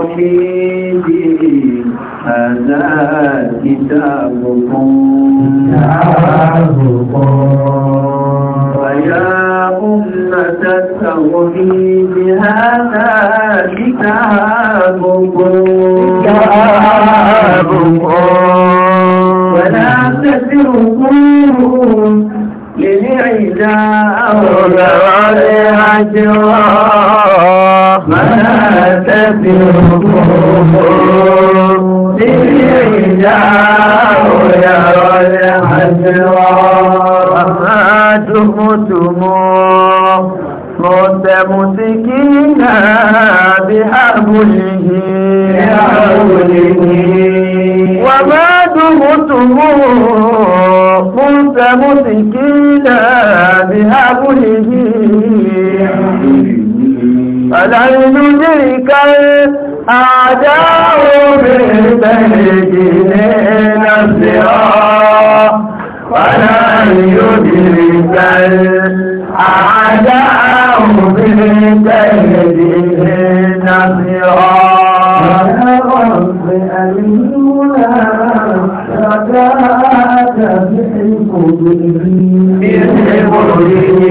توحيده هذا كتابكم ويا أمة التوحيد هذا كتابكم ولا تسركم للعداء ولا عليها جواب ما تسرهم بالرجاء يرى الحسرى ما تمتموا موت مسكينا بحبله وما دمتموا موت مسكينا بحبله ألا يدرك الأعداء بالبيت نفسها ولا يدرك الأعداء بالبيت نفسها يا رب ألمنا شكاك بحبه بحبه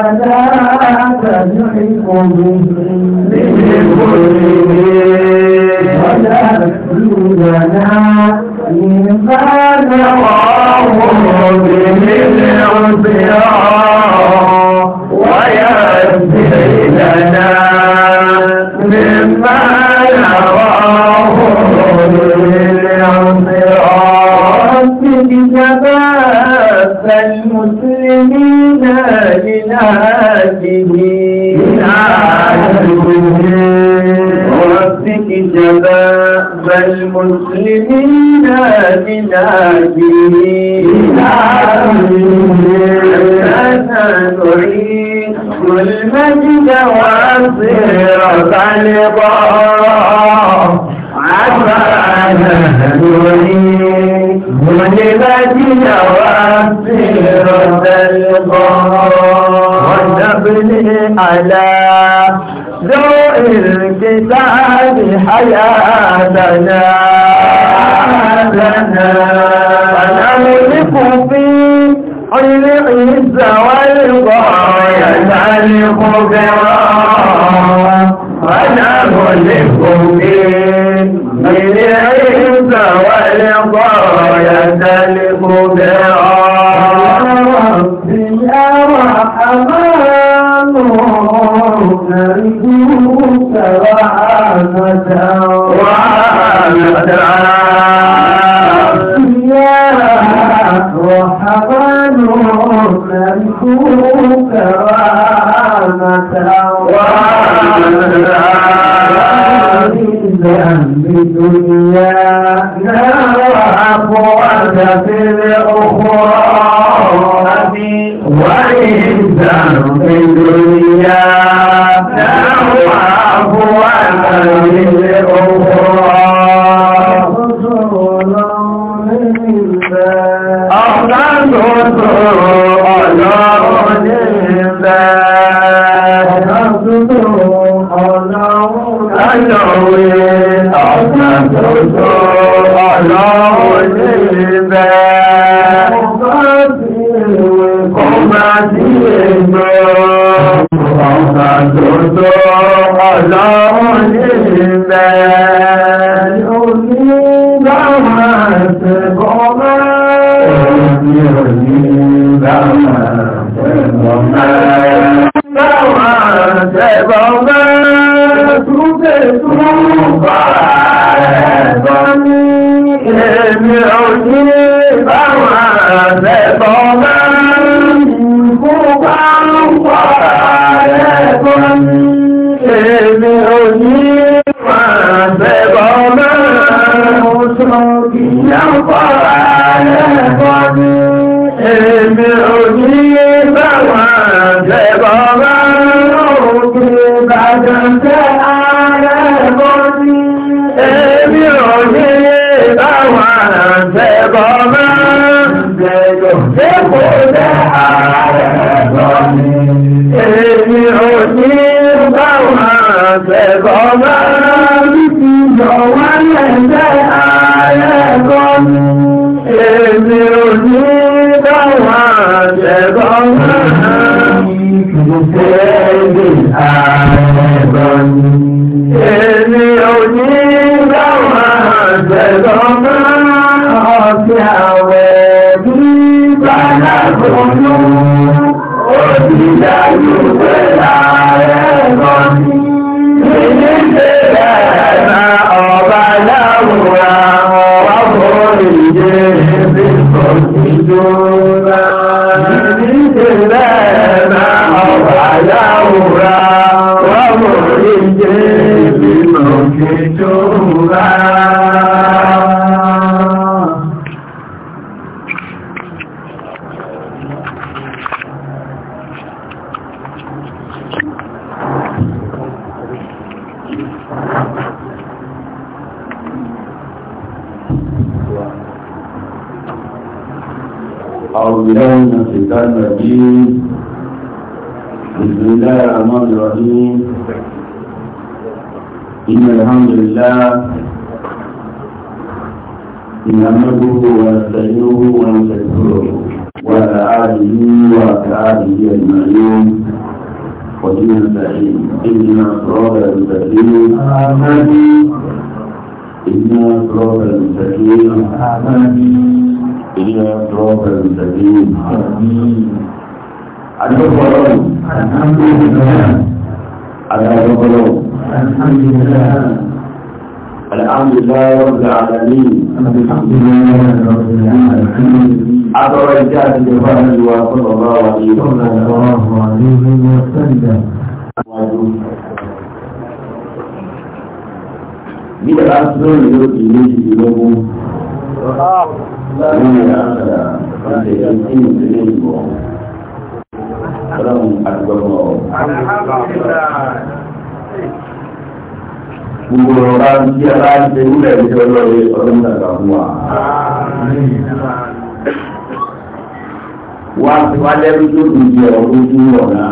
ولا تلحق به ولا دوننا مما نراه به العصيان ويسر لنا مما نراه به العصيان آياته من آياته رب المسلمين بناجيه أنا نعيد المجد والصراط لضاء عفانا عيني على ذوء الكتاب حياتنا لنا فنملك في عين عيسى والغاية نعلق برا ونملك وعلى يا رحمن الرحيم بسم الله الرحمن الرحيم إن الحمد لله نحمده ونستعينه ونستغفره وعلى آله وأصحابه أجمعين ودين السعيد إنا صراط المستقيم إنا صراط المستقيم إنا صراط المستقيم آمين adúgbò ọlọ́run adájọ́ ọlọ́run alhamdulilayi rabbi alamin adọ́rọ̀ ìjẹ́ àti ìjọba ìwà sọ́dọ̀ bá wà ní Nígbà láti lórí ló ti ní ìlógún. Láàrín àṣà àti ẹ̀yìn ìlú ìlú ìgbọ̀n. ọlọ́run àdúgbò ọ̀. gbogbo ọba tí a bá ń ṣe nílẹ̀ ní ọlọ́run ọdún dàgbà fún wa. wá sí wá lẹ́rú tó kù jẹ ọdún tó wọ̀ náà.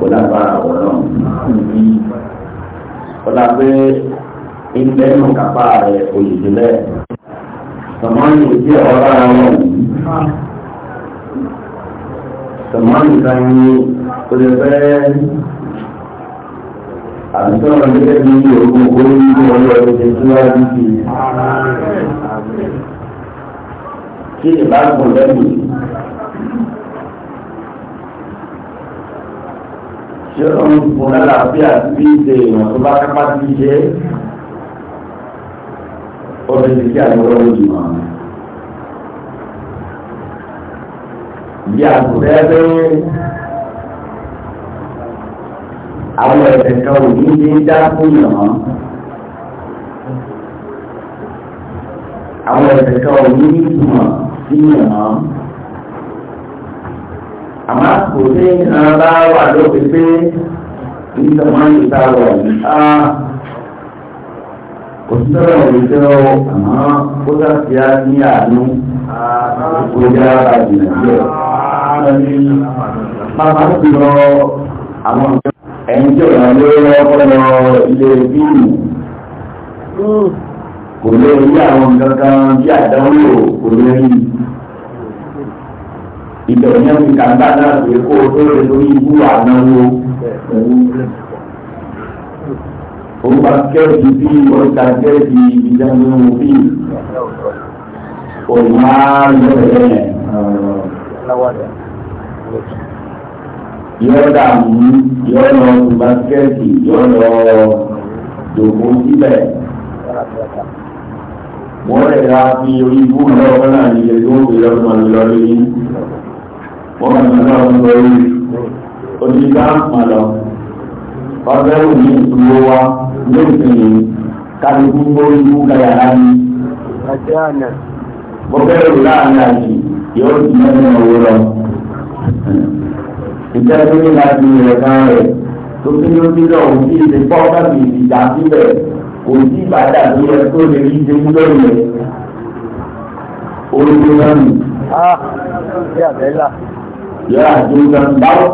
kọ́lá ọlọ́run kọ́lá pé ilé ìmọ̀kápá rẹ̀ òyìnbó lẹ́ẹ̀ sọmọ́nì jẹ́ ọ̀rá wọn sọmọ́nì kan ní olùfẹ́ àbísọ̀rọ̀ gẹ́gẹ́ bí ogun orí ní ọjọ́ ọdún síwájú sí kí ìbáàgùn lẹ́yìn ṣé ó ń fún lálàáfíà sí ìṣe ìwọ̀n tó bá kápá sí ṣe ọdún ti kí àgbọ̀rọ̀ lójú mọ́ àwọn. Ìdí àkùrẹ́ pé àwọn ẹ̀sẹ̀ kan ò ní ṣe dá fún yàn án. Àwọn ẹ̀sẹ̀ kan ò ní ní ìtumọ̀ sí yàn án. Àmọ́ kò sí ìran bá wà pé ìtàn máa ń ta wọ̀ yìí òtítọ́rọ̀ ìjọ àmọ́ ó láti á ní àánú ìgbójá àjìnàjẹ́ pápá ti lọ àwọn ẹni tí ọ̀nà ló rọ́pọ̀ lọ ilé bíìlì kò lè rí àwọn kankan bí àdánwò kò lè rí ìbẹ̀rẹ̀ ní ọ̀sìn kàńtà náà pé kó o tó lè lórí ibú àdánwò orúkọ akẹ́rẹ́sì bí orúkọ akẹ́rẹ́sì ìdánwò bí òyìnbá yọ̀rẹ̀ yọ̀dà mú yọ̀rọ̀ orúkọ akẹ́rẹ́sì yọ̀rọ̀ dòkó síbẹ̀ wọ́n rẹ̀ ra fi orí ibú lọ́wọ́ náà ní ilé tó ń pè lọ́dún ọdún lọ́dún yìí wọ́n máa ń lọ́wọ́ lórí onígbà máa lọ ọgbẹ́rún ní ìdúró wa lóòsìn kálukú gbóyú káyàrá ni. mo bẹ̀rù láàrin àjì yóò ti mẹ́rin owó lọ. ìtẹ́jú ní láti rẹ̀ kan rẹ̀ tó kí ló ti lọ òun sí ìṣe pọ́ káàkiri ìjà síbẹ̀ kò sí ìbàdà tó yẹ tó lè rí ṣe mú lórí rẹ̀. orí ló lọ́nù. yóò àti oúnjẹ ń báwọ̀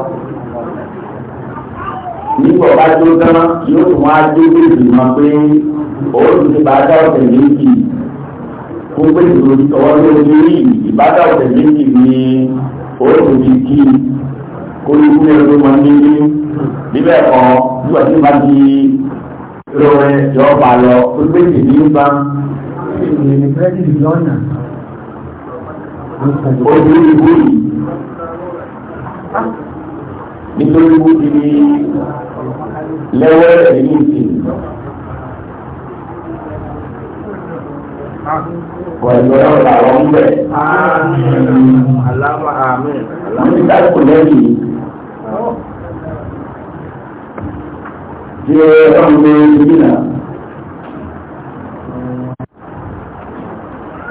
nígbà bá tó tán yóò tún wá dé bèbè mọ pé òòlù ti bá dá ọ̀sẹ̀ méjì fún pé ìròyìntọ́wọ́ lórí ìbádá ọ̀sẹ̀ méjì ni òòlù ti kí kó ní kúrò ẹgbẹ́ wọn ní níbẹ̀ kan nígbà tí wọ́n ti rọrẹ yọ ọba lọ fún pé ìdí ń bá. Ojú ìwé yìí nítorí wọ́n ti ní lẹ́wọ́ ẹ̀yìn sí pẹ̀lú ọ̀rọ̀ àwọn ń bẹ̀. wọ́n ti dákò lẹ́yìn tí ọ̀rọ̀ ń bẹ̀ ìdínà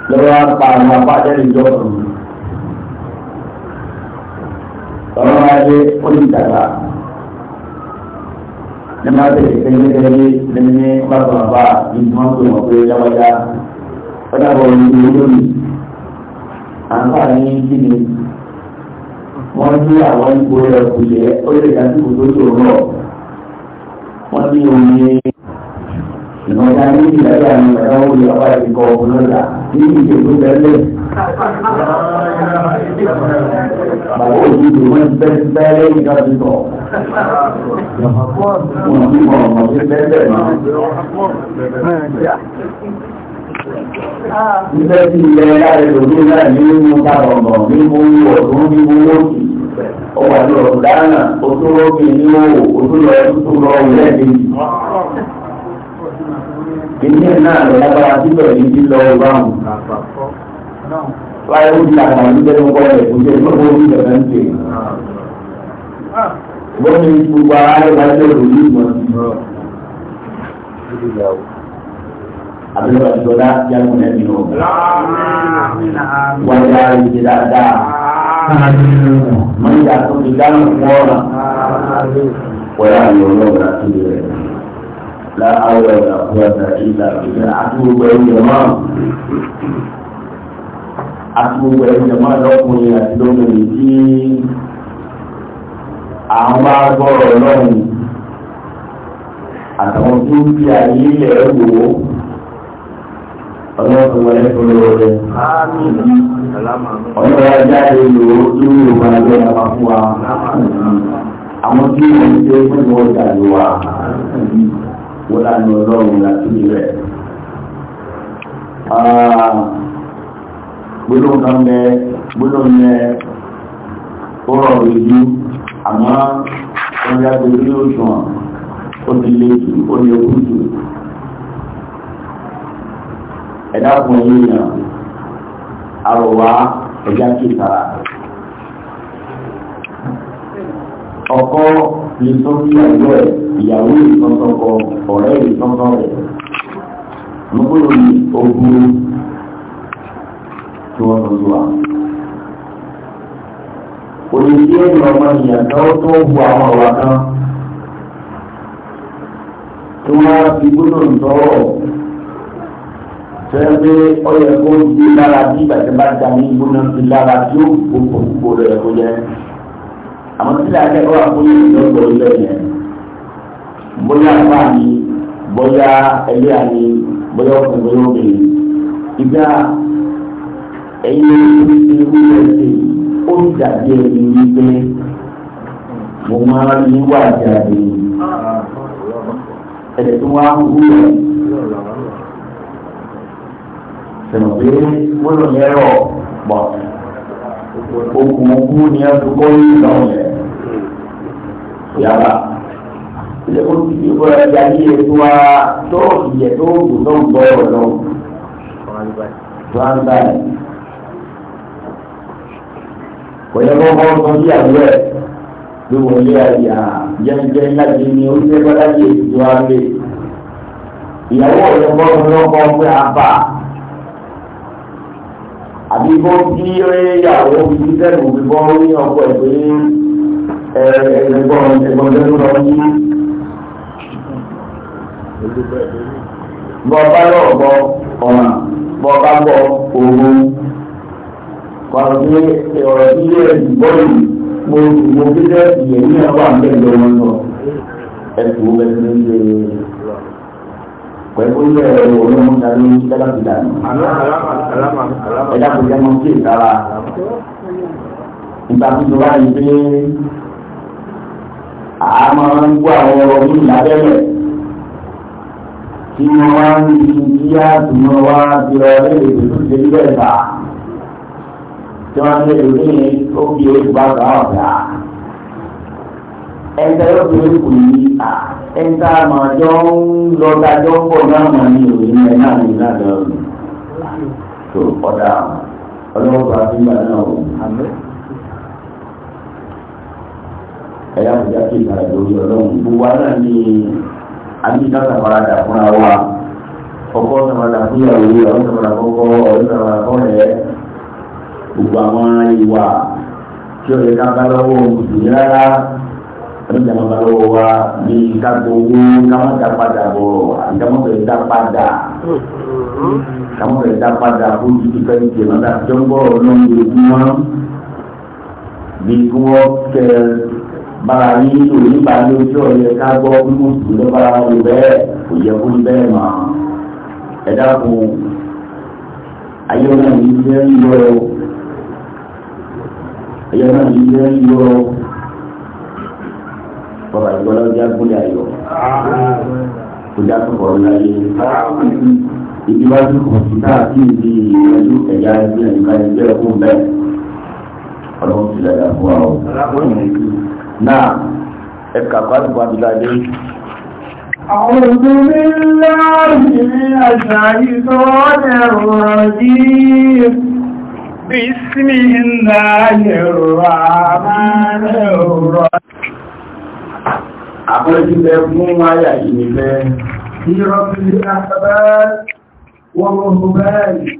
lọ́wọ́ pa àwọn apá dé ó lè dàgbà ní máa tẹ̀lé pé ní gẹ́gẹ́ bí lẹ́nu ní bá tó wà bá ìgbìmọ̀ tó wọ̀ pé yáwájá ó dàbọ̀ ní ìlú lónìí àǹfààní kí ni wọ́n ní àwọn ipò rẹ̀ kò yẹ ó lè dá sí kòtò tó rọ̀ wọ́n ní omi ìmọ̀ta ní ìdájọ́ àwọn ìgbàdáwò yẹ ọba ìkọ̀ ọ̀gbọ́n lọ́la ní ìdìbò tẹ́lẹ̀. Àwọn òṣìṣẹ́ wọn bẹ́ẹ̀ bẹ́ẹ̀ ìjọba Wọ́n ti mọ̀ ọ̀mọ̀ sí bẹ́ẹ̀ náà. Iṣẹ́ ti ilẹ̀ láàrin lòdì náà ní mú kára ní mú ọ̀tún ní mú lókì. dáná, ó tó rọ́bì ní òwò, ó tó lọ ẹ̀dùn tó lọ òwò ilé náà lọ lágbára síbẹ̀ ní ti lọ bá wọn. wáyé ó di àgbà ní bẹ́ẹ̀ lọ́kọ́ rẹ̀ kò jẹ́ ìgbọ́n orí ìjọba ń tè. wọ́n ní gbogbo ara rẹ̀ bá jẹ́ òní ìmọ̀ abẹ́rẹ́ ìjọba jágun ẹ̀mí o. wọ́n yá ìdí dáadáa. wọ́n yà tó ti dáhùn fún ọ̀ràn. wọ́n yà lọ́wọ́ láti rẹ̀ láàárọ̀ ìdàkúrọ̀dà ìlà ìlà àtúgbò ẹ̀yẹ máa àtúgbò ẹ̀yẹ máa lọ́kùnrin àti lómìnir tí a ń bá gbọ́rọ̀ lọ́rùn àtàwọn tó ń fi ayé ilẹ̀ wò ó ọlọ́run wọlé fúnra rẹ̀ ọlọ́run ajá ìlú tó ń lò máa gbé apá fún wa àwọn tí wọ́n ń gbé fún ìwọ̀n ìdàlúwà wọ́n lánà ọlọ́run láti rẹ̀. Ah, gbólóhùn mẹ́ gbólóhùn mẹ́ ó rọrùn ìlú àmọ́ wọ́n yá gbé orí òṣùwọ̀n ó ti lé jù ó lè kú jù. ẹ̀dá kan yìí yàn àròwá ẹ̀já kìtàrà. ọkọ lè sọ sí ẹgbẹ́ ẹ̀ ìyàwó ìsọ́sọ́kọ ọ̀rẹ́ ìsọ́sọ́ rẹ̀ lókòlò ní ogun tí wọ́n tọ́jú wa. Òyìnbí ẹ̀yìn ọmọ ìyàtọ̀ tó hu àwọn ọ̀wà kan tó wá fi gbọ́dọ̀ tọ́rọ̀ fẹ́ẹ́ pé ó yẹ kó gbé lára bí ìgbà tí bá dání gbóná lára tí ó gbogbo rẹ̀ kó jẹ́ àmọ́ tí láàrín ẹ̀kọ́ àkóyè ìjọba ilé yẹn bóyá apá ni bóyá ẹlẹ́yà ni bóyá ọkùnrin bóyá obìnrin ìgbà ẹ̀yin irú ẹ̀sìn ó ti dàbí ẹni wípé mo máa ń níwà jáde ẹ̀dẹ̀ tó wá ń wúlò sọ̀rọ̀ pé wọ́n lọ lẹ́rọ̀ pọ̀ okùn kú ni ẹ fi kọ́ yìí lọ́wọ́ yẹn yàrá ilé kó ti di kó ẹja yí ètò wa tó ìyẹ tó gùn tó ń bọ̀ ọ̀rọ̀ lọ́wọ́ tó ń báyìí kò yẹ kó kọ́ sọ sí àdúrà ẹ̀ bí wọ́n lé àyà jẹ́njẹ́ láti ní oríṣiríṣi láti ètò wa lé ìyàwó ọ̀rẹ́ bọ́ọ̀lù lọ́kọ̀ọ́ pé a bá a àbí bó bí ìyàwó bíbí sẹ́nu bíbọ́ ní ọkọ̀ ìpè ẹ̀ẹ́dẹ̀gbọ́n ẹ̀gbọ́n lẹ́nu lọ sí. bọ́ọ̀bá yóò gbọ́ ọ̀nà bọ́ọ̀bá gbọ́ òun kọ̀ọ̀rọ̀ pé ọ̀rọ̀ tí yóò ẹ̀sìn gbọ́ yìí mo mo fi sẹ́ẹ̀sì yẹn ní ọgbà ń bẹ̀rẹ̀ lọ́wọ́ náà ẹ̀sùn ẹ̀sìn ń ṣe pẹ̀lú ilé ẹ̀rọ olóhùn darí tẹ́lápìlà ni. ẹ̀dá kò jẹ́ mọ́ sí ìtara. nípa tuntun báyìí pé a máa ń gbọ́ àwọn ọ̀rọ̀ ní ìlábẹ́lẹ̀ tí wọ́n wá ń di kí á tún wọn wá di ọ̀rẹ́ èdè tó ṣe ilé ẹ̀ka tí wọ́n lè lò ní òkè ìbára ọ̀gá. ẹ̀ńtẹ́ yóò fi kù ní à ẹ̀ńtà màjọ ń lọ dájọ́ pọ̀ náà mà ní òyìn ẹ̀ náà ní ìlànà ọ̀rùn tó ọ̀dà ọlọ́wọ́ bá fi gbà náà wò. ẹ̀yà kò jáde ìgbàlẹ̀ lórí ọlọ́run gbogbo ara ní àbíká sàfaradà fúnra wa ọkọ sàfaradà fúnyàwó ọ̀rọ̀ sàfaradà kọ́kọ́ ọ̀rọ̀ sàfaradà kọ́rẹ́ gbogbo àwọn ìwà tí ó yẹ ká bá lọ́wọ́ mùsùlùmí rárá oníjàmbá bá lọ́wọ́ wa bí ká gbowó ká má dá padà bọ̀ àgbàmọ́ fẹ́ dá padà àgbàmọ́ fẹ́ dá padà kó títí ká ní jẹ̀mọ́ dá jọ́ngbọ́ ọlọ́run ojúmọ́ bí kí wọ́n kẹ bára yín lórí nípa lójú ọ̀yẹ́ ká gbọ́ bí mo sùn lọ́ bára wọn bẹ́ẹ̀ kò yẹ kó bẹ́ẹ̀ mọ́ ẹ dákun ayé náà yìí jẹ́ ń yọ ayé náà yìí jẹ́ ń yọ bàbá ìgbọ́lá ọjà gúnlẹ̀ ayọ̀ kò já sọ̀kọ̀ ọ̀la yé ibi wá sí kọ̀ǹpútà sí ibi ìrẹ́lú ẹ̀yà ẹgbẹ́ ẹ̀ka ẹgbẹ́ ẹ̀kú bẹ́ẹ̀ ọlọ́run ti lẹ́yà fún wa o. náà ẹ̀ka pàṣípò abúlé أعوذ بالله من الشيطان الرجيم بسم الله الرحمن الرحيم àpẹẹjúlẹ̀ fún wáyà yìí fẹ́ tí rọ́pìlì àtàbá wọ́n mọ̀ báyìí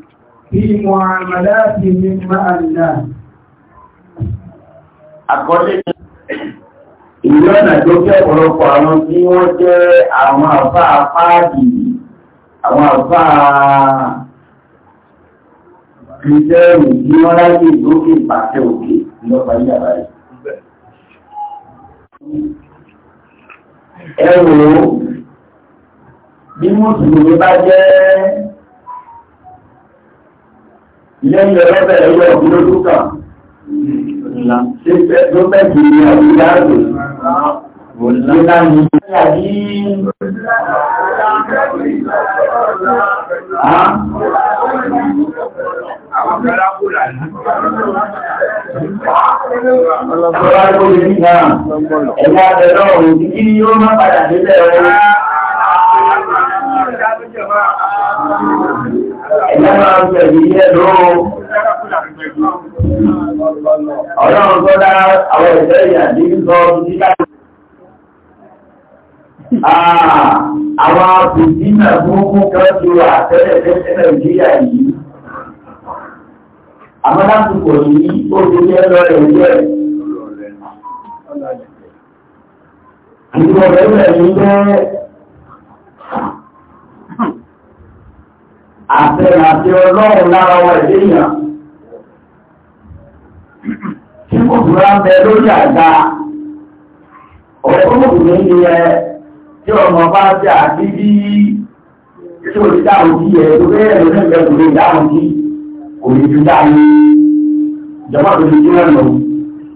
tí mọ̀ àmàlá ti ní máa náà àkọlé ìlú ọ̀nà tó jẹ́ ọ̀pọ̀lọpọ̀ àwọn tí wọ́n jẹ́ àwọn àfá ìlú òkè pàṣẹ òkè lọ́pàá yàrá ẹwò bí mùsùlùmí bá jẹ́ lẹ́yìn ọlọ́bẹ̀ ẹ̀yọ ọ̀gbọ́n kan ló fẹ́ kì í àbúrá rẹ̀ Ìlànà ìgbàlá yìí. Ọlọ́pàá kò lè ní náà, ẹ̀yà àbẹ̀rẹ̀ ọ̀rọ̀ tí kí yóò má padà délẹ̀ ọ̀rọ̀. Ẹ̀yà máa ń pẹ̀lú ilé lóòó. Ọlọ́run tó dá àwọn ẹ̀fẹ́ ìyàdí ń sọ ní láti. Ah, àwọn àpùtí náà fún kúkọ́ ti wà tẹ́lẹ̀ tẹ́lẹ̀ Nàìjíríà yìí àmọ́ lásìkò yìí ó ti jẹ́ lọ́rẹ̀ ìjẹ́ ìwọ̀n rẹ̀ yìí jẹ́ àtẹ̀rẹ̀ àti ọlọ́run lára wa ìdíyàn tí kò túnra ń bẹ lórí àgbà ọ̀pọ̀lọpọ̀ ní ẹ tí ọmọ bá jẹ́ àti bí tí ó ti dáhùn sí ẹ̀ tó bẹ́ẹ̀ lórí ìgbẹ̀kùnrin dáhùn sí òní ti dá ní ìjọba tó ti jíra lọ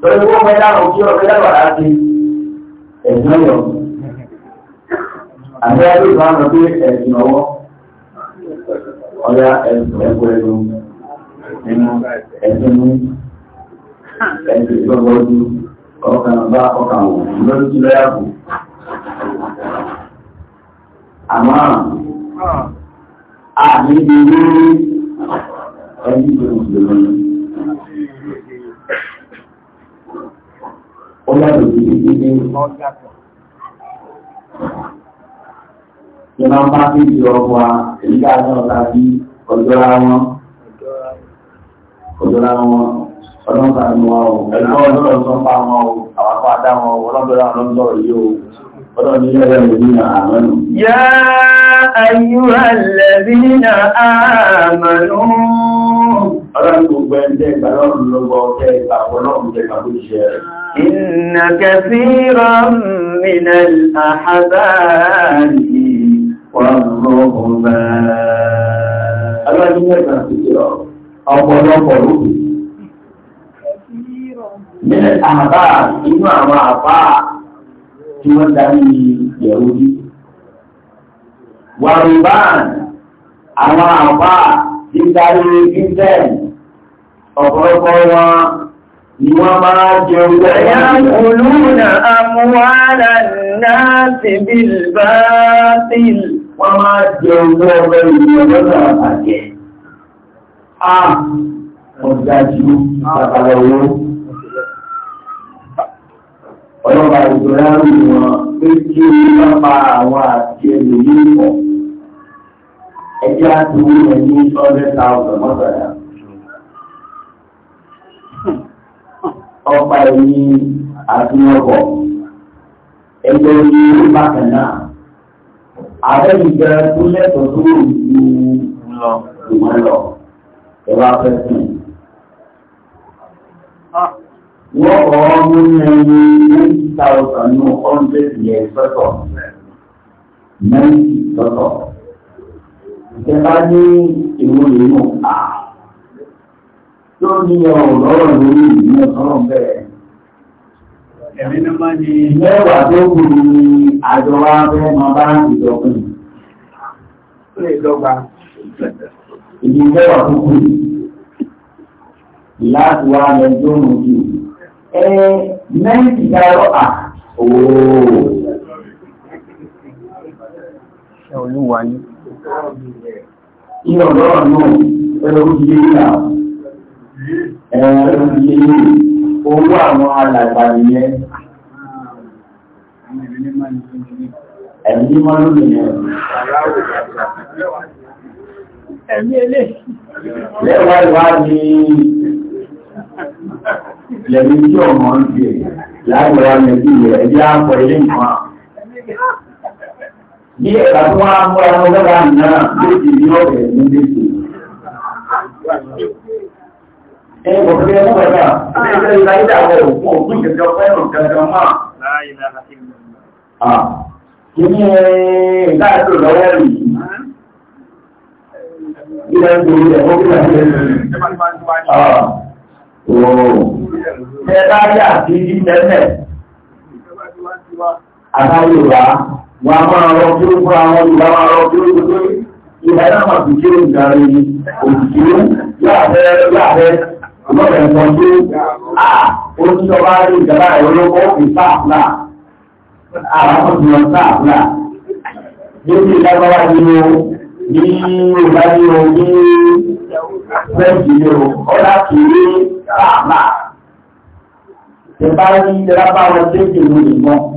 lórí wọ́n fẹ́ dára òkú ọ̀fẹ́ dára láti ẹ̀sìn ọ̀yọ́ àti ẹgbẹ́ ìgbà wọn pé ẹ̀sìn ọwọ́ ọ̀yá ẹ̀sìn ẹ̀kọ́ ẹ̀nu ẹ̀nu ẹ̀sìn mú ẹ̀sìn ìgbọ́gbọ́ ojú ọkàn bá ọkàn wò lórí tí lọ́yà kù àmọ́ àmì ìdí lórí ẹgbẹ́ mùsùlùmí ó yàtọ̀ sí ìdílé tí máa ń ọ̀tá sí ọjọ́ra wọn ọjọ́ra wọn ọdún ní wọn o ẹ̀kọ́ ọlọ́dọ̀ tó ń bá wọn o àwọn àdá wọn o ọlọ́dọ̀ ọlọ́dọ̀ yìí o ọdọ̀ ní ẹgbẹ́ mi ní àárẹ̀ nù. Ọlọ́run gbogbo ẹni tẹ́ ìgbà lọ́rùn lọ́gbọ́ ọ̀tẹ́ ìgbàpọ̀ lọ́rùn tẹ́ ìgbàpọ̀ ìṣẹ́ rẹ̀. Inna kathiran minal ahbari warruhba. Ọlọ́run wọ́n darí Yẹ̀wúdí ìdarí kíntẹ́ẹ̀lì ọ̀pọ̀lọpọ̀ wọn ni wọ́n máa jẹ orílẹ̀ ìyàkùnlúnà àmúwàlà náà ti bí báátìl wọ́n máa jẹ orílẹ̀ ọgbẹ́ ìrìnlọ́gbẹ́ àbàjẹ́ ah ọ̀dájú ìpàtàlẹ̀ ẹjẹ́ àtúwò rẹ̀ ní hundred thousand mọ́sàdá. ọ̀pá ẹ̀yìn àti ọkọ̀ ẹgbẹ́ ní bákan náà ààrẹ ìjẹ́ tó lẹ́tọ̀ọ́ tó wò ju ìwọ̀n lọ ẹ̀rọ afẹ́fẹ́ wọ́n kọ́ ọmọ ẹni ninety thousand ní hundred years, sọ́tọ̀ ninety sọ́tọ̀ ẹ bá ní ìwòye nù à tó ní ọ̀rọ̀ lọ́rọ̀ lórí ìlú ọ̀sọ́rọ̀ bẹ́ẹ̀. Ẹ̀mí ló máa ní mẹ́wàá tó kù ní àjọ wa fẹ́ máa bá ìjọkùn. Ó lè dọ́gba. Ìdí mẹ́wàá tó kù láti wá lẹ́jọ́ òun jù. Ẹ mẹ́rin ti dárọ́ à. Oòrùn ṣe olúwa ní. Ilé ọ̀dọ́ náà ẹ̀rọ ti yé yà ẹ̀rọ ti yé yé owó àwọn alàgbà nìyẹn. Ẹ̀mí ní máa ló nìyẹn. Ẹ̀mí elé. Lẹ́wàá ìwádìí lẹ́mí tí ọmọ ń fi láìwọ́ lẹ́bí rẹ̀ ẹjẹ́ àpọ̀ ilé nǹkan bí ẹ̀ka tó wá múra wọn lọ́gbà náà méjì ní ọ̀rẹ́ ní méjì. Ẹ kò fi ẹ mọ̀ ẹ̀ka, ẹ ṣe ìlà ìdá àwọn òkú òkú ìjẹjọ fẹ́ràn gẹ́gẹ́ máa. Kí lọ́wọ́ rí? Ilé ń gbòòrò ẹ̀kọ́ kí wọ́n a máa rọ kí ó fún àwọn ìlà máa rọ kí ó tó pé ìlà ẹ̀dá máa fi kí ó ń darí òṣìṣẹ́ láàbẹ̀ láàbẹ̀ ọlọ́rẹ̀ ẹ̀kọ́ tó à ó ti sọ bá rí ìjọba ìrọ́lọ́kọ́ fi sáàpùlà àwọn ọ̀sán sáàpùlà níbi ìlágbára nínú ní ìlànà ní fẹ́ǹsì ní ọ̀dà kìí sáàpùlà. ìgbọ́n.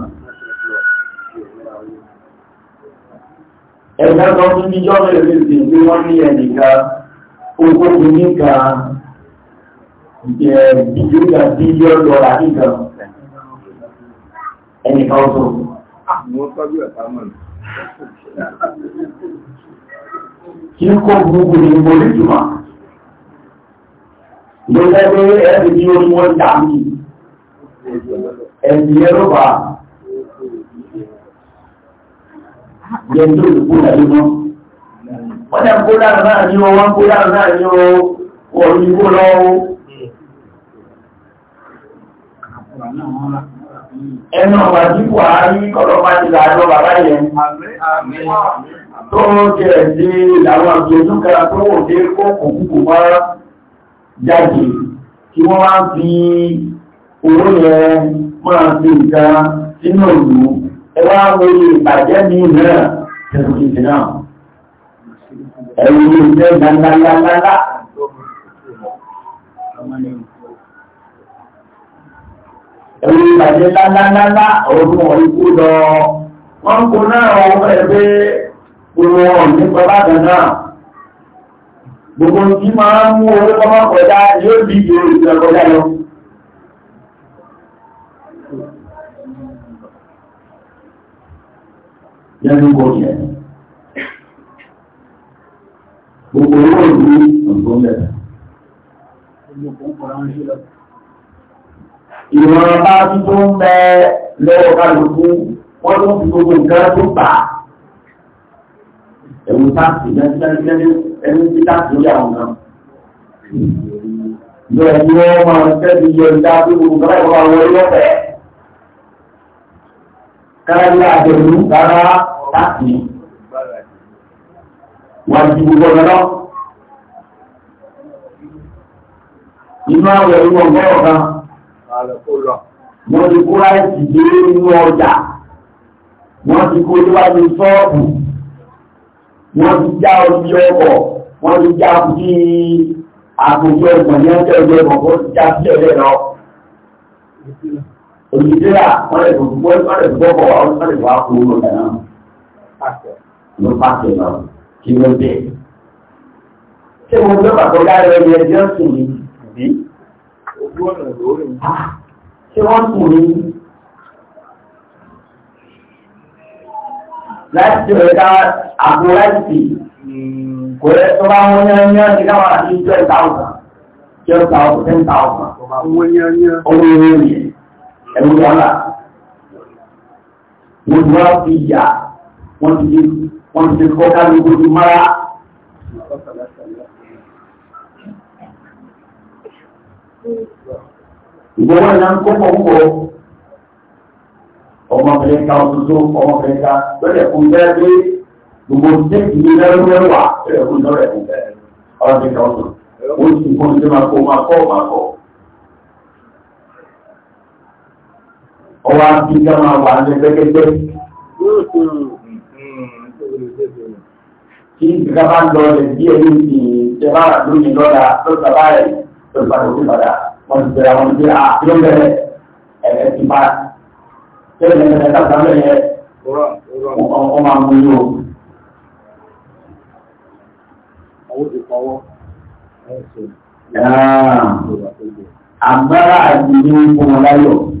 ẹ̀dá kan tún ní jọ́rọ̀ èrè sí pé wọ́n ní ẹnìká ogógún níka bílíọ̀nà bílíọ̀n dọ́là níka ẹnìká ọ̀tọ̀. kí kó gbogbo ní gbogbo ìtumọ̀ ló lẹ́gbẹ̀ẹ́ ẹ̀rì ní orí wọn dàmí ẹ̀dì ẹ̀rọ bàá yẹ tó ìkú lẹ́yìn mọ́. Wọ́n jẹ́ kó dára náà ní ọwọ́ kó dára náà ní ọwọ́ ìgbó lọ́wọ́. Ẹnu ọ̀gbà tí wà á rí kọ́lọ̀ bá ti láàárọ̀ bàbá yẹn. Tó jẹ́ sí ìlàwọ̀ àjọ̀dún kan tó wò dé kó kòkòkò bá jáde kí wọ́n máa fi owó yẹn máa fi ìta sínú ìlú ẹwà orí ìbàjẹ́ ní ìmìíràn tẹ̀sí ìdìnà ẹ̀yìn ìjẹ́ gbangbangbangba ẹ̀yìn ìbàjẹ́ lálálálá ọdún ọ̀ríkú lọ wọ́n kò náà ọmọ ẹgbẹ́ gbogbo ọ̀nà bàbá gànà gbogbo tí máa ń mú orí kọ́mọ́kọ̀dá yóò bí ìròyìn ọkọ̀dá lọ lẹ́nu Ìwọ̀n bá tó ń bẹ lọ́wọ́ kálukú, wọ́n tó fi gbogbo nǹkan tó bà. Ẹ̀wù táàkì lẹ́nu ẹni tí táàkì yà wọn náà. Ìjọ ẹ̀yìn wọn káyà àjẹ̀lú rárá láti wà ju gbogbo ọ̀nà lọ. Inú àwẹ̀ inú ọgbọ́n ọ̀gá. Wọ́n ti kó láìsí dé inú ọjà. Wọ́n ti kó níwájú sọ́ọ̀bù. Wọ́n ti já ojú ọkọ̀. Wọ́n ti já bí àkójọ ẹ̀gbọ̀n ní ọjọ́ ìgbẹ́ ọkọ̀ ti já sí òṣìṣẹ́ra wọ́n lè gbọ́bọ̀ wọ́n lè wá kó lọ náà ló pàṣẹ lọ kí ló dé. ṣé mo gbé bàtọ́ lára ẹni ẹjọ́ sùn ní bí? Ah, ṣé wọ́n sùn ní? láti rẹ̀ ká àpò láti hmm. kò rẹ̀ tó bá wọ́n yán yán ní káwọn àti twelve thousand twelve thousand ten thousand owó yán yán ẹ̀rù wọ́lá wọ́n ti wá fi ìyà wọ́n ti wọ́n ti kọ́ káàkiri gbogbo mara ìgbọ́wọ́ ìlà ń kọ́ pọ̀pọ̀ ọmọbìnrin ká ọtútù ọmọbìnrin ká lọ́dẹ̀ fún bẹ́ẹ̀ pé gbogbo tẹ́kì ní lẹ́rú mẹ́wàá lọ́dẹ̀ fún lọ́rẹ̀ fún bẹ́ẹ̀ ọlọ́dẹ̀ ká ọtún ó sì fún ìdí máa kó máa kọ́ máa kọ́ ọwọ́ àti ìjọ máa wà ní ẹgbẹ́gbẹ́. Kí ìjọba bá ń lọ lẹ̀ díẹ̀ ní ti ìjọba lónìí lọ́la lọ́sà báyìí tó padà sí padà wọ́n ti bẹ̀rẹ̀ wọn bí àbíọ́ bẹ̀rẹ̀ ẹ̀rẹ̀ ti bá. Bẹ́ẹ̀ni ẹ̀rẹ̀ tàbí Àgbára àti ìdí fún wọn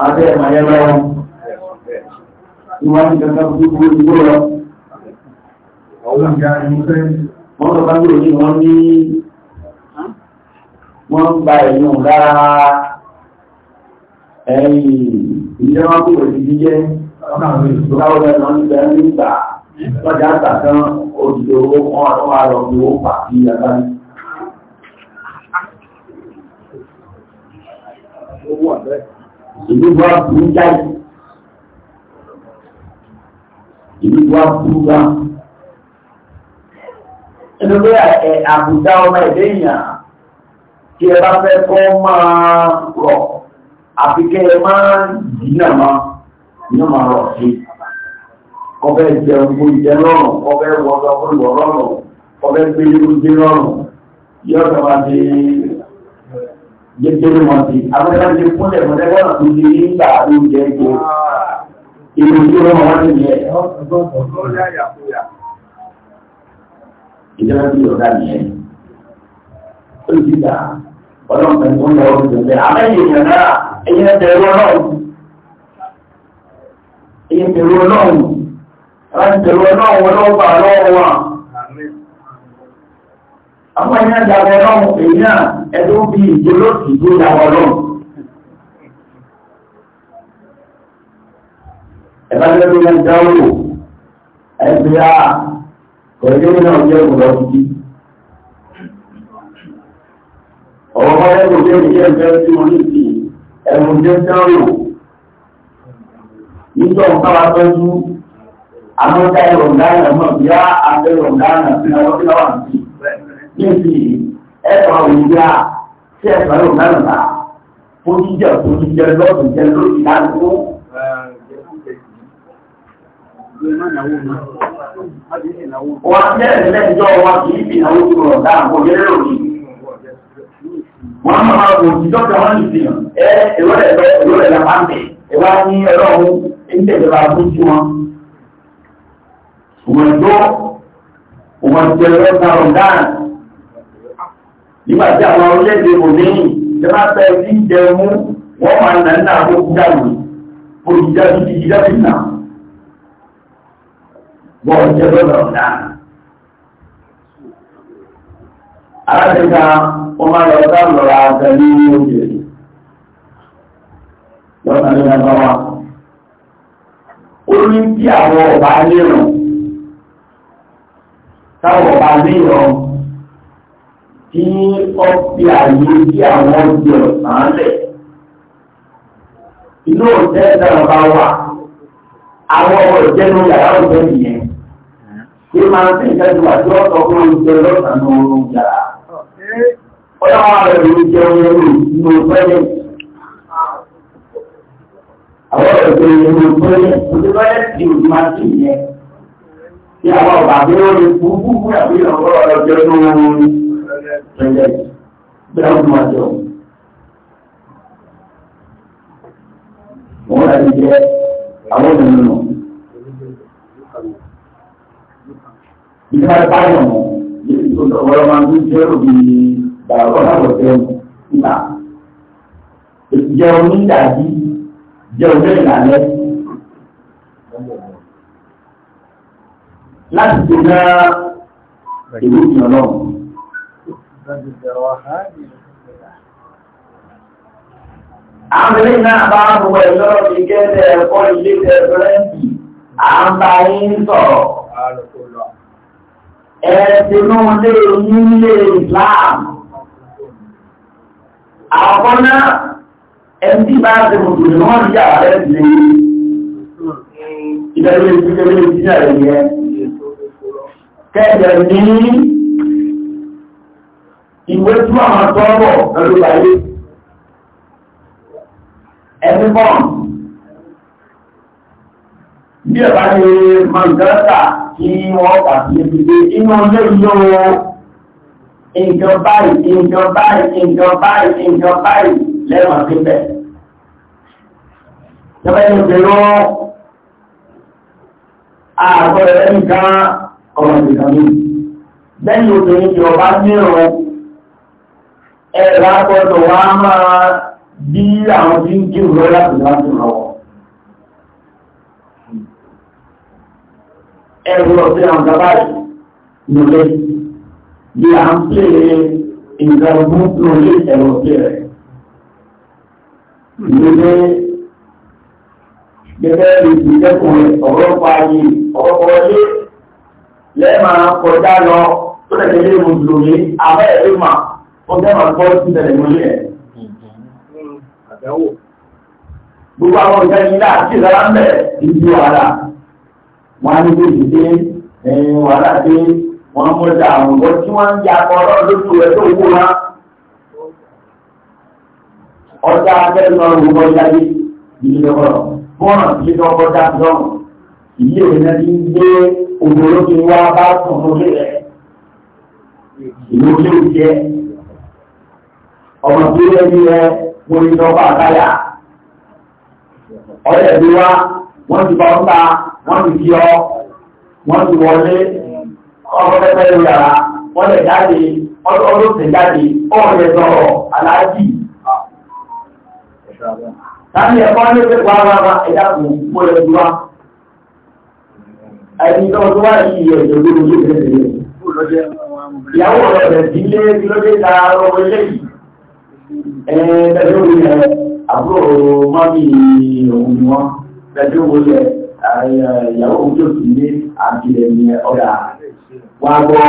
adé ẹ̀mà yẹ lọ́wọ́ ìwọ́n ti kẹta gbogbo ìgbó lọ ọwọ́ ìjà ìmúfẹ́ wọ́n lọ bá gbòrò ní wọ́n ní wọ́n ń gba ẹ̀yìn lára ẹ̀yìn ìjọba gbòrò ti bí jẹ́ láwọn ẹ̀nà níbẹ̀ ń gbà lọ́jà àtàkán òdìdó wọn àtọ́wà lọ bí ó pàtí àtàkì ìlú wa burú jáde ìlú wa burú wa ẹnu pé àbùdá ọmọ ẹ̀dẹ́ èèyàn tí ẹ bá fẹ́ kọ́ máa rọ̀ àfi kẹ́ ẹ máa dínà máa dínà máa rọ̀ sí ọbẹ̀ jẹun kó jẹ lọ́rùn ọbẹ̀ wọ́dọ̀ kó wọ́ lọ́rùn ọbẹ̀ gbélé kó jẹjẹrẹ wọn ti abẹ́rẹ́ fúnlẹ̀ mọ̀lẹ́gbọ́nà tó di nígbà ló ń jẹ́ jẹ́ ìlú tí wọ́n wá ní yẹ. ìjọba tí yọ̀ọ̀dá nìyẹn ó ti dà ọlọ́run kan tó ń lọ ọdún tẹ̀lé àmẹ́yìn èèyàn náà ẹ̀yìn ẹ̀tẹ̀rú ọlọ́run ẹ̀yìn ẹ̀tẹ̀rú ọlọ́run ẹ̀yìn ẹ̀tẹ̀rú ọlọ́run ọlọ́run àwọn ẹ̀yà ìjàwọ̀ ọlọ́run èyí náà ẹ̀dọ́ bí ìjọlọ́ ìjọ ìjàwọ̀ ọlọ́run ẹ̀bá lẹ́bí ẹ̀ dáwò ẹgbẹ́ a pẹ̀lú náà jẹ́ ìwọ̀lọ́ títí ọ̀rọ̀ bá lẹ́bí jẹ́ ìjẹ́ ìjẹ́ tí wọ́n ní sí ẹ̀rùn jẹ́ dáwò nígbà ọ̀pá wa tọ́jú àwọn ọ̀dá ẹ̀rọ̀ ńlá ẹ̀rọ̀ náà bí a àbẹ̀rọ̀ ńlá náà fi níbi ẹ̀fà òyìnbá tí ẹ̀fà yóò náà nà fojújẹ fojújẹ lọ́dún jẹ lórí ìdánwò. Wọ́n jẹ́ ìlẹ́jọ́ máa wò jíjọ́ kan wọ́n lè fihàn ẹ èrò rẹ̀ ní ẹ̀rọ ọ̀hún ń tẹ̀lé bá wọn. Òmùẹ̀dó òmùẹ̀dó ẹ̀rọ ta ọ̀dáàrùn nígbà tí àwọn orílẹ̀-èdè òmìnir tí wọ́n fẹ́ sí jẹ mú wọ́n máa nà ní àwọn òkúdàwì olùjẹ́bí ti jíjẹ́ fi nà wọ́n jẹ́ lọ́nà ọ̀dá alájẹ́ka wọ́n máa lọ bá lọ́ra àtẹ̀lé ní oúnjẹ lọ́nà ní ọba ní tí ọ̀pẹ àyè bí àwọn ọ̀gbẹ̀ ọ̀sán lẹ̀. Inú òtẹ́ náà bá wà, àwọn ọmọ ìjẹ́nu yàrá òjẹ́ nìyẹn. Kí máa ń tẹ̀sẹ̀ ju àti ọ̀sọ̀ fún oúnjẹ lọ́sàn-án oorun yàrá. Ọ̀yá wa rẹ̀ ló jẹ́ oorun nínú ó lè Project ground module. Wọ́n láti jẹ́ àwọn ènìyàn. Ìjọba ìpáyọ̀ mọ̀ ní ìtòsọ̀ ọ̀rọ̀ máa ń jẹ́ òbí ìdàrọ̀ láwọ̀tẹ́ níta. Ìjẹ́ onídàájí jẹ́ ọjọ́ ìlànà láti náà ìlú ìyànlọ́run. Àmìlì náà bá ń wọ ẹ̀lọ́ ìgẹ́dẹ̀ ẹ̀kọ́ ilé tẹ̀fẹ́rẹ́ǹtì, à ń bá yín sọ̀rọ̀. Ẹ̀sìnú lè nílé Islam. Àkọ́ná, ẹ̀sì bá ti mùsùlùmí wọ́n yà rẹ̀ ìwé tí wọ́n máa tọ́rọ̀ lọ́dún láyé ẹni kan bí ẹ̀bá ní mọ̀gánta kí wọ́n pàtí ẹbí pé inú ilé yóò nǹkan báyìí nǹkan báyìí nǹkan báyìí nǹkan báyìí lẹ́wọ̀n síbẹ̀ tẹ́bẹ̀ẹ́ ìgbèrò àgbọ̀rẹ̀ nìkan ọmọ ìgbàmí lẹ́yìn obìnrin tí ọba ẹ̀rọ agbọ́dọ̀ wa máa bí àwọn tí ń jù lọ láti láti lọ́wọ́ ẹ̀rọ lọ sí àwọn gábáyì nílé bí a ń pè ìgbàgbó lórí ẹ̀rọ sí rẹ̀ nílé gẹ́gẹ́ bí ìdẹ́kùnrin ọ̀rọ̀pàá yìí ọ̀rọ̀pọ̀lé lẹ́ẹ̀mà kọjá lọ tó tẹ̀lé mùsùlùmí abẹ́ ìrìnmà ó dẹ́mà gbọ́ sí ìbẹ̀rẹ̀ lórí ẹ̀. Gbogbo àwọn ọ̀gá ilé àti ìlara ń bẹ̀ ìdí wàhálà. Wọ́n á ní bí ìdílé ẹ̀yìn wàhálà dé wọ́n mú ọjà àwọn ọ̀gọ́ tí wọ́n ń ya akọ ọlọ́run lóṣù rẹ̀ tó wú wọn. Ọjà abẹ́rẹ́ lọ wò ọjà yìí ìdílé ọ̀rọ̀. Bọ́ọ̀nà ti lé ọkọ̀ dá lọ́rùn. Ìdílé rẹ̀ ọmọ tó yẹ ní ẹ mo ní sọ́kọ́ ọ̀rẹ́ ẹ̀dí wá wọ́n ti bá wọ́n ti fi ọ wọ́n ti wọlé ọmọ pẹ́pẹ́ ló yàrá wọ́n lè jáde ọlọ́sẹ̀ jáde ọ̀rọ̀ sọ̀rọ̀ aláàjì. Táyì ẹ̀kọ́ ló fẹ́ wá wá wá ẹ̀dá kù mo lè Ẹni tó tó wá yìí yẹ ìjọba olóṣèlú rẹ̀. Ìyàwó rẹ̀ bẹ̀rẹ̀ sí ilé lóde ta ọmọ eléyìí ẹ̀ẹ́dẹ́gbẹ́ orí ẹ̀ àbúrò mọ́mí òun ni wọ́n dẹ́gbẹ́ orí ẹ̀ ìyàwó òun tó sì ní àbílẹ̀ ní ọ̀dà wá gbọ́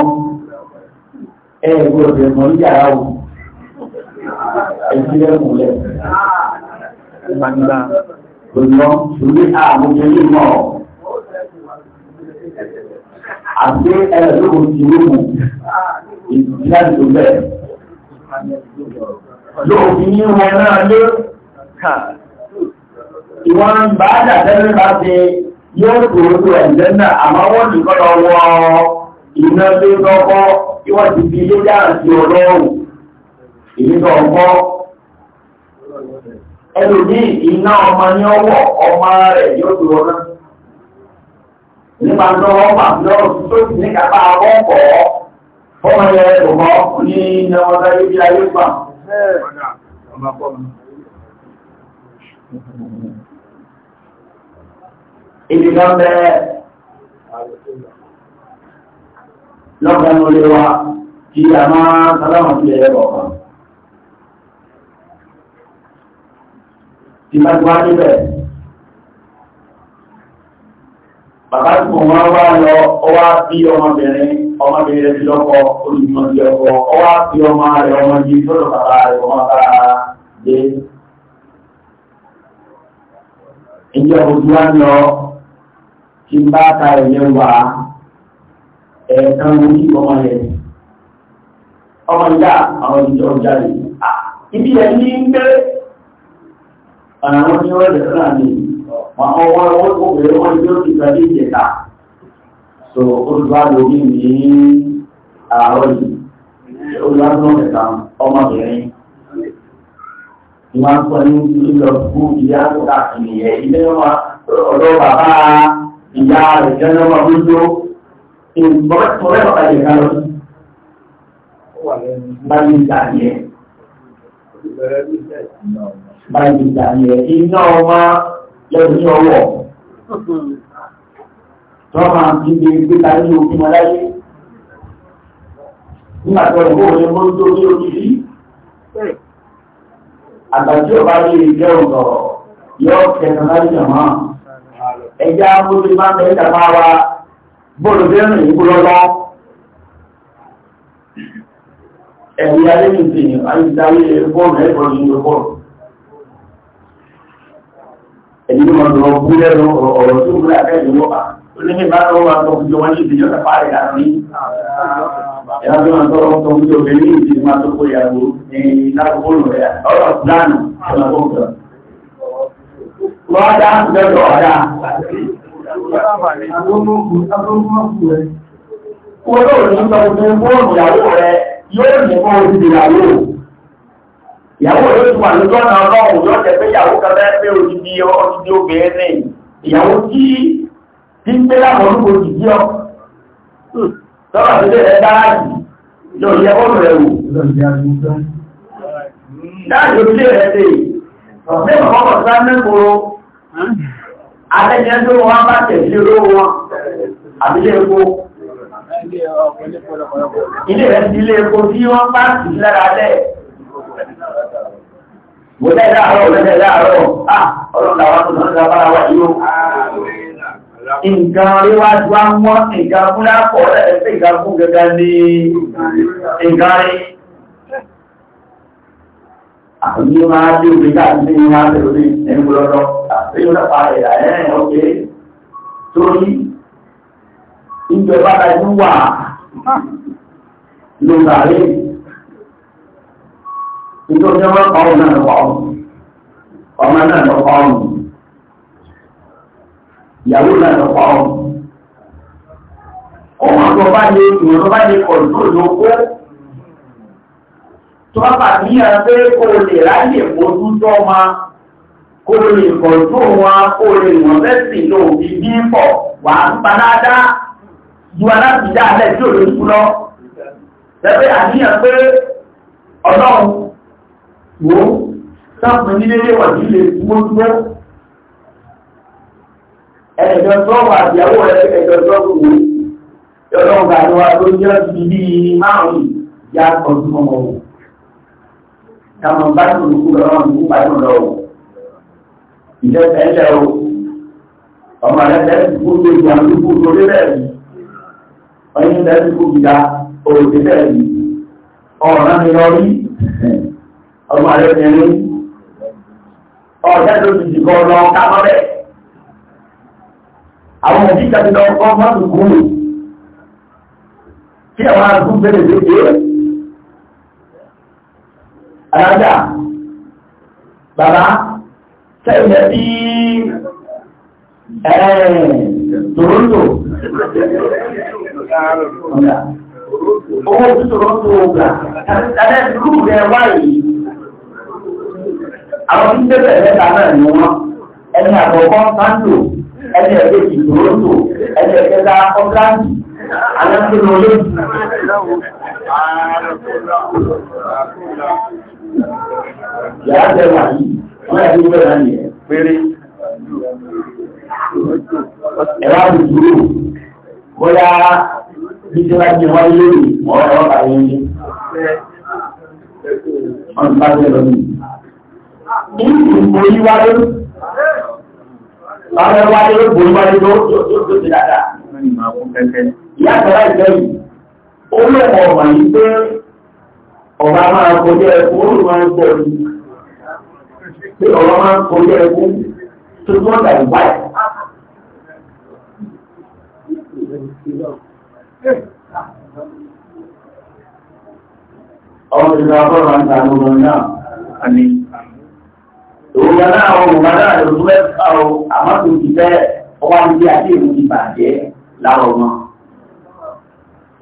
ẹ̀ẹ́gbẹ́ ọ̀dẹ̀ mọ́ ní yàrá o ẹ̀sìn lẹ́kùn lẹ̀ àti ẹ̀ẹ́dẹ́gbẹ́ orí ti rú lóòfin ní wọn náà lé kà ìwọ̀n bá dàtẹ́rẹ́ bá ti yóò tòótò ẹ̀jẹ́ náà àmọ́ wọ́n ti kọ́ lọ wọ iná lé lọ́kọ́ ìwọ̀n ti fi ilé dáhà sí ọlọ́run ìlú ọkọ́ ẹlòmí iná ọmọ ní ọwọ́ ọmọ rẹ̀ yóò tó náà nípa ń lọ́wọ́ pàtàkì tó ti ní kápá ọkọ̀ ọmọ yẹn kò ní iná di ayé Ibi kan bẹ́ẹ̀ lọ́gbọ̀n lórí wa kí a máa sálámọ̀ sí ẹ̀rẹ́ kọ̀ọ̀kan. Ti máa ti wá níbẹ̀. Bàbá tí mo máa wá lọ ọwá bí ọmọbìnrin ọmọbìnrin rẹ̀ ti lọ́kọ olùmọ̀ sí ọkọ ọwá sí ọmọ rẹ̀ ọmọ yìí tó lọ bàbá rẹ̀ ọmọ bàbá dé. Ìjọ ojú wá ní ọ kí n bá ta ẹ̀yẹ wà ẹ̀ẹ̀kan mú kí ọmọ rẹ̀. Ọmọ ìyá àwọn ìjọ jáde. Ibi ẹ̀ ní ń gbé ọ̀nà wọn ní ọ̀rẹ́ rẹ̀ náà ni wọ́n wọ́n wọ́n wọ́n wọ́n ti gbàdé so olùbádòrí ní àárọ̀ yìí olùbádòmẹ̀ta ọmọbìnrin ìwọ̀n sọ ní ìlọ fún ìyá tó káàkiri ẹ̀ ilé ọ̀dọ́ bàbá ìyá rẹ̀ jẹ́ lọ́wọ́ lójó ìgbọ́rẹ́ ọ̀pá ìyẹ̀ká lọ sí báyìí ìdàyẹ báyìí ìdàyẹ iná ọmọ lẹ́yìn ọwọ́ wọ́n máa ń bíbi gbéta ní òfin ọláyé nígbà tó ẹ̀kọ́ òní mọ́ tó ní orí rí àgbàtí ọba ní ìjẹ́ ọ̀tọ̀ yọ kẹta láyé jọmọ́ ẹjá múlé máa ń tẹ́lẹ̀ máa wa bọ́ọ̀lù bẹ́ẹ̀rẹ̀ ìbú lọ́lọ́ ẹ̀rí alẹ́kìtì ayíṣáyé bọ́ọ̀lù ẹ̀kọ́ ní ìjọpọ̀ ẹ̀yí mọ̀ lọ bú lẹ́nu ọ̀rọ̀ tó múlẹ̀ akẹ́ Oníṣẹ́ bá lọ́wọ́ wa tọ́ fújọ wọ́n ní ìdíjọ́ tàpá rẹ̀ láàrin. Ìyá tó máa tọ́rọ tọ́ fújọ obìnrin ìdí máa tó kó ìyàwó ní lágbogbo rẹ̀ ọ̀rọ̀ plánù ọ̀lọ́gbọ̀n. Wọ́n dá lọ́dọ̀ ọ̀dá. Olóòrùn yóò ní wà lójọ́ náà lọ́wọ́ yóò jẹ́ pé ìyàwó kan fẹ́ pé òṣìṣẹ́ obìnrin ìyàwó tí tí ń gbé láwọn orúkọ jìjì ọ tọ́wà tó lè rẹ dáàdì yóò yẹ ọ̀rọ̀ rẹ wò dáàdì ó lè rẹ dé ọ̀sẹ̀ ìfọwọ́ sá mẹ́kọ̀ọ́ alẹ́jẹ́ tó wọ́n bá tẹ̀sí olówó wọn àbílé epo ilé rẹ̀ sí ilé epo tí wọ́n bá sì lára lẹ́ Mo lẹ́ láàárọ̀, lẹ́lẹ́ láàárọ̀, ah, ọlọ́run làwọn tó lọ́nà lábára wáyé ó nǹkan ríwájú wá mọ́ nǹkan fún lápọ̀ ẹ̀ẹ́sẹ̀ nǹkan fún gẹ́gẹ́ ní nǹkan rí àti máa dé orí káàkiri ní máa bẹ̀rẹ̀ orí ẹ̀mú lọ́dọ́ àti ìrọ̀pá ẹ̀yà ẹ̀rìn ọ̀kẹ́ torí ìjọba tajú wà lókàrí ìjọba ọmọ náà lọ́pàá ọmọ náà ọmọ ìyàwó náà lọ pa ọmọ ọmọ tó bá lè ìwọ̀n tó bá lè kọ̀ọ̀tún lóko tó bá bà ní ẹ̀ pé kó o lè ráyè mójú tó ma kó o lè kọ̀ọ̀tún wa kó o lè wọ̀n fẹ́sì lò bí bí pọ̀ wà ń padà ju alábìdá alẹ́ tí ò lè kú lọ lẹ́pẹ́ àníyàn pé ọlọ́run wo sáàpù nílé wà nílé mójú ẹ̀jọ̀ sọ́wọ́ àbíyàwó rẹ̀ ẹ̀jọ̀ sọ́wọ́ wò lọ́wọ́ gbàdúrà tó jẹ́ ibi márùn-ún yá tọ́jú ọmọ wò táwọn bá tó lùkú lọ́wọ́ lùkú bá tó lọ́wọ́ ìjẹ́sẹ̀ ẹ̀jẹ̀ o ọmọ rẹ̀ tẹ́sí kú tó ìjà lùkú lórí rẹ̀ yìí ọyún tẹ́sí kú ìjà òòrùn rẹ̀ yìí ọ̀ràn mi lọ rí ọmọ rẹ̀ tẹ́lẹ̀ ọ̀jẹ́ tó ti dìkọ̀ lọ kámọ́ bẹ́ẹ̀ àwọn òbí ìjàdí lọ kọ́ mọ́tò kúrò kí àwọn àdúgbò bẹ̀rẹ̀ léde alájà bàbá sẹ́yìn ẹbí Toronto owó tí Toronto gbà tàbí ìlú rẹ̀ wáyé àwọn tí bẹ̀rẹ̀ lẹ́ta náà ni wọ́n ẹni àkọ́kọ́ sáńtò ẹni ẹ̀kejì toronto ẹni ẹ̀kẹta ọ̀gáàdì alẹ́kùnrin olóòtú. yàrá tẹ wà yìí wọ́n yà ní bẹ́ẹ̀ náà nìyẹn péré. ẹ̀rọ àbùkù bóyá bíjọba jẹ wọ́n lórí ọ̀rọ̀ ọ̀rọ̀ àyè ní. wọ́n ti bá tẹ̀ lọ Àwọn ẹwà tí ó gbòó wáyé tó tó ti dáadáa. Ìyá àtàrà ìfẹ́ yìí, orí ọmọ ọmọ yìí pé ọba máa kọjá ẹkú, orí máa ń gbọ́ ní. Pé ọba máa kọjá ẹkú tó tó ọ̀dà ìbáyìí. Ọmọ ìgbà fọ́nà àti àwọn ọmọ náà. Àmín òwúrọ̀ náà òwúrọ̀ náà ló tún mẹ́ta o àmọ́ tó ti fẹ́ ọwọ́ àti àti èrò ti bàjẹ́ láàrọ̀ wọn.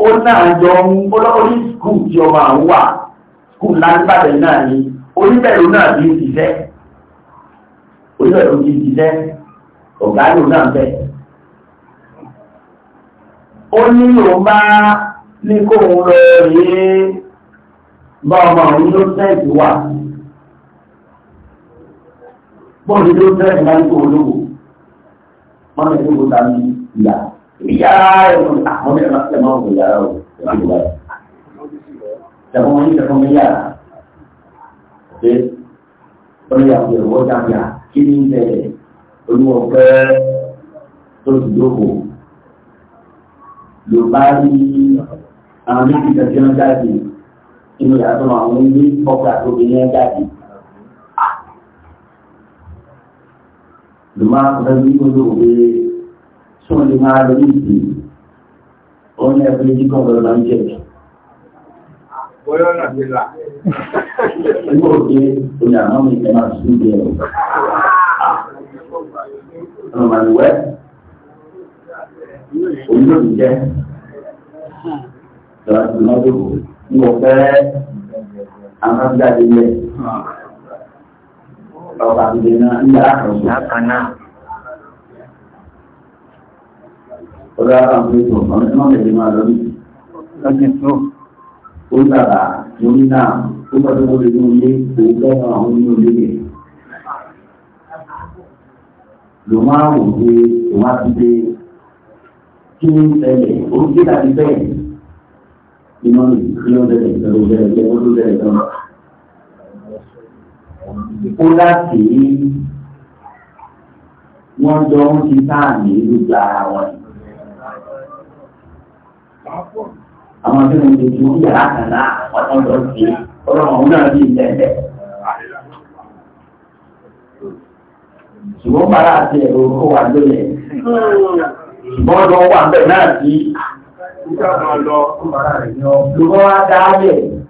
ó náà jọ ń olórí skul tí ọmọ àwọn wà skul láńbàdàn náà ni oníbẹ̀rù náà ti ti fẹ́ oníbẹ̀rù ti ti fẹ́ ọ̀gá ló náà fẹ́. ó ní òun bá ní kóun lọ rèé bá ọmọ òun ló sẹ́ẹ̀tì wà bọ́ọ̀lù ló fẹ́ ẹ̀ láti olówó wọ́n lè tó kóta ní ìyá ìyá ẹ̀rọ àwọn ẹ̀rọ ẹ̀ máa wò yàrá o ìlú wa ṣẹ̀fọ́n wọn ní ni bẹ́ẹ̀ olúwọ̀ fẹ́ tó ti dóko ló bá rí àwọn méjì tẹ̀síọ́n jáde inú yàtọ̀ àwọn ilé ọkọ̀ àtòkè yẹn jáde. lùmọ́ ọ̀dọ́dún ní gbogbo òwe sún lè máa lọ ní ìdí ó ní ẹgbẹ́ ní kíkọ́ ọ̀dọ́ lọ ń jẹ́ ẹ̀jọ́. Bóyá ọ̀nà ti là. Ẹgbẹ́ òde òní àmọ́ mi ẹ máa sún bí ẹ̀rọ. Ọ̀nàmọ̀lùwẹ́ òní ló ń jẹ́ ìjọba ti lọ́dún ní ọ̀fẹ́ àwọn jáde lẹ̀ ọba àgbègbè náà ń yára kan sùn. Lákànnà. Ọ̀dọ́ àwọn ọmọ ètò ọ̀nà tí wọ́n tẹ̀lé máa lọ rí. Lọ́jọ́ tó. Ó dàgbà lórí náà ó bá tó wọlé ní ilé òun lọ́wọ́ àwọn onímọ̀ ilé yẹn. Lò máa wò pé òun á ti dé kí ní ẹlẹ̀ ó ń gbé dàbí bẹ́ẹ̀. Iná ìkílọ̀ bẹ̀rẹ̀ ìtọ́jú bẹ̀rẹ̀ ìtọ́jú bẹ̀rẹ̀ ìtọ́jú ó láti wọ́n jọ ń ti sáàmì ìlú gba ara wọn. Àwọn tó ń tètè wọ́n yàrá kan náà wọ́n lọ sí ọlọ́run òun náà bí ìtẹ́lẹ̀. Ṣùgbọ́n bàrà àti ẹ̀rọ ó wà lóye. Ṣùgbọ́n lọ wà bẹ́ẹ̀ náà sí. Ṣùgbọ́n wá dá bẹ́ẹ̀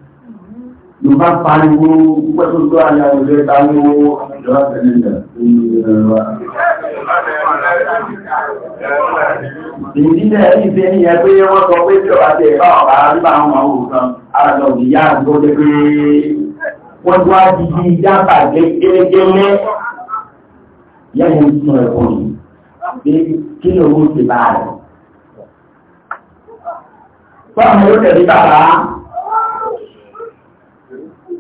ló bá pariwo púpẹ́ tó tó àyà òṣèré tàbíwó ìjọba tẹ̀lẹ̀lẹ̀ ìdílé ìfẹ́ ní ẹ pé wọ́n sọ pé tíọ̀bá tẹ̀ bá ọ̀bá nípa àwọn àwọn òkan àràjọ ìyá àgbọ́ jẹ́ wọ́n tó á di bí jábà gẹ́gẹ́gẹ́lẹ́ yẹ́yìn sọ ẹ̀kọ́ yìí pé kí ló ń ṣe báyìí. Fọ́ọ̀mù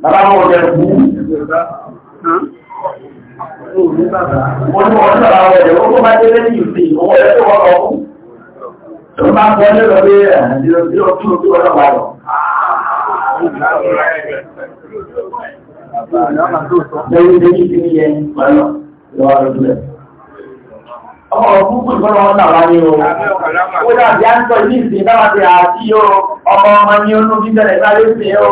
Bàbá wọn jẹ kú. Wọ́n Ọmọ ọ̀gbùn kò wọn náà wá ní o. Ó dàbí à ń sọ ilé ìsìn dáwà àti ọmọ ọmọ ní onú bíbẹ̀rẹ̀ sáré sí o.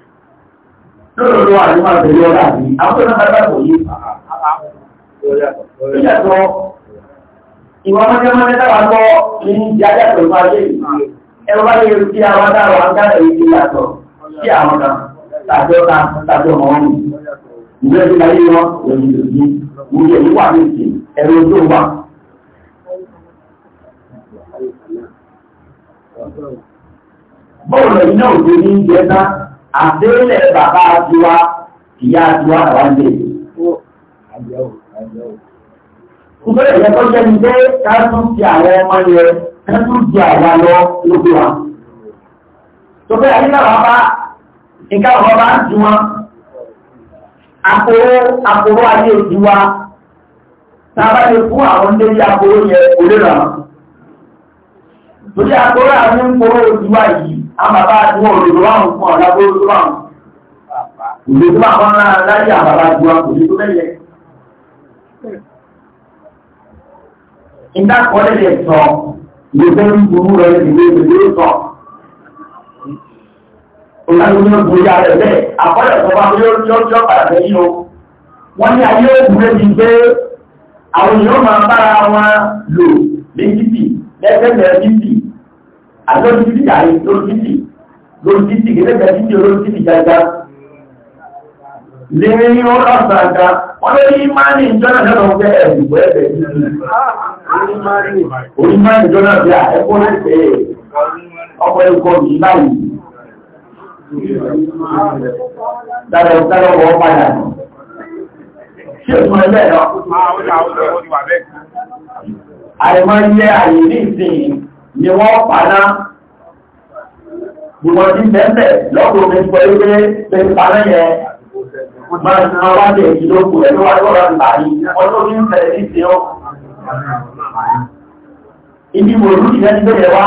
lọ́rọ̀ lọ́wọ́ àdúgbà pẹ̀lú ọlá àbí àwọn tó náà bá kò yí ìyàtọ̀ ìwọ̀n mọ́jẹ́mọ́jẹ́ dáwà lọ ní ìjájá pẹ̀lú ayé ẹ̀rọ bá lè rí sí àwọn dáwà ń dára ìdí yàtọ̀ sí àwọn kan tàbí ọ̀tá tàbí ọmọ wọn nìyí ìgbẹ́ ti láyé wọn lòdì lòdì wúyẹ̀ wíwà ní ìsìn ẹ̀rọ tó wà àdéhùn bàbá àdúrà ìyá àdúrà àwọn àgbè. Ìgbẹ́ ìyẹn tó jẹ́ ní pé ká tún ti àwọn ọmọ yẹn ká tún di àwa lọ lójú wa. Tó bẹ́ẹ̀ nígbà wọn bá ìka wọn bá ń ju wọn. Àkóró àkóró ayé òjú wa. Tábà lè fún àwọn ilé yá àkóró yẹn kò lè rà. Torí àkóró àwọn ń kóró yìí àwọn bàbá àti wọn òdòdó wà fún ọ̀dà gbogbo wà òdòdó wà fún ọ̀nà láyé àbàbà ju àkòdòdó mẹ́lẹ̀. Ìgbà kọ́lé lè sọ ìgbésẹ̀ ń burú rẹ̀ ìgbésẹ̀ lè sọ. Olùdarí ló bu ìyá rẹ̀ bẹ́ẹ̀ àkọ́lẹ̀ tó bá yóò yóò yóò padà bẹ́ yín o. Wọ́n ní ayé òkúrẹ́ ti gbé àwọn èèyàn máa bára wọn lò lé títì lẹ́sẹ̀ àti lórí títì yàrá lórí gẹ́gẹ́ títì lórí títì lè rí wọn lọ́sàájá wọ́n lè rí ìjọ́nà lọ́nà ọgbẹ́ ẹ̀dùgbọ́ ẹ̀bẹ̀ títì àìmọ́ ilé àyè ní ìsìn ni wọ́n paná gbogbo ti bẹ́ẹ̀ lọ́pọ̀ omi pọ̀ ewé pẹ̀lú paná yẹn máa ń ná wá dé èyí lóko ẹ̀ ló wá lọ́wọ́ láti bàyí ọdún ní bẹ̀rẹ̀ ní ti ọ́ ibi mo rú ìyẹn ti bẹ̀rẹ̀ wá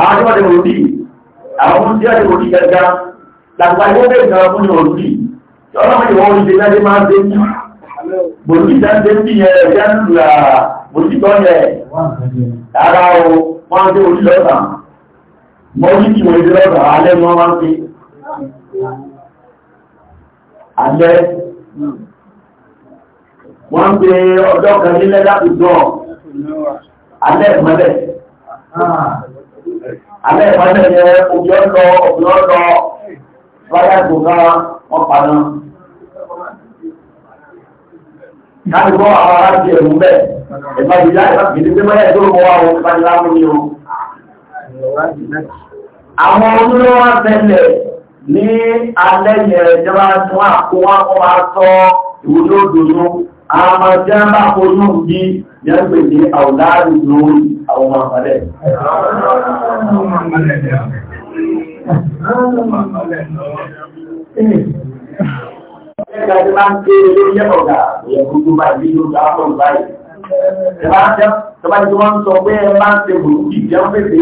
àwọn tí wọ́n ti rò rí àwọn tí wọ́n ti rò rí gẹ́gẹ́ làgbà ìwé bẹ́ẹ̀ kan fún ní òrùn rí ọlọ́run ìwọ̀n olùdíjáde máa ń dé ní bòlùdíjáde ń bí yẹn ẹ̀jẹ̀ Dára o, wọ́n ń dé orí lọ́ta. Mọ́ ní kí wọ́n dé lọ́ta, alẹ́ mọ́ wá ń pè. Alẹ́, wọ́n ń pè ọjọ́ kan nílẹ̀ láti dọ̀. Alẹ́ ìmọ́lẹ̀. Alẹ́ ìmọ́lẹ̀ yẹ ojú ọ̀lọ́, òbí ọ̀lọ́, wáyà gbòǹgá wọn pa náà láti gbọ́ àwọn aláàbí ẹ̀rù bẹ́ẹ̀ ìbájúdá ìbájúdá ìbájúdá tó mọ́ àwọn ìbájúdá mú ní o. Àwọn olówó tẹ́lẹ̀ ní alẹ́ yẹn jẹba tún àkówá kọ́ máa sọ ìwúlò dòdò àmọ́ jẹ́ bá fojú bí yẹn pè ní àwòláàrí lórí àwọn àmàlẹ̀. Àwọn àmàlẹ̀ ẹ̀ka tí máa ń gbé lórí ẹ̀kọ̀gà ìyẹn gbogbo báyìí ló gbà á pọ̀ báyìí. Ẹ máa ń jẹ́ tọ́ba tí wọ́n ń sọ pé ẹ máa ń ṣe gbòógì jẹun pèsè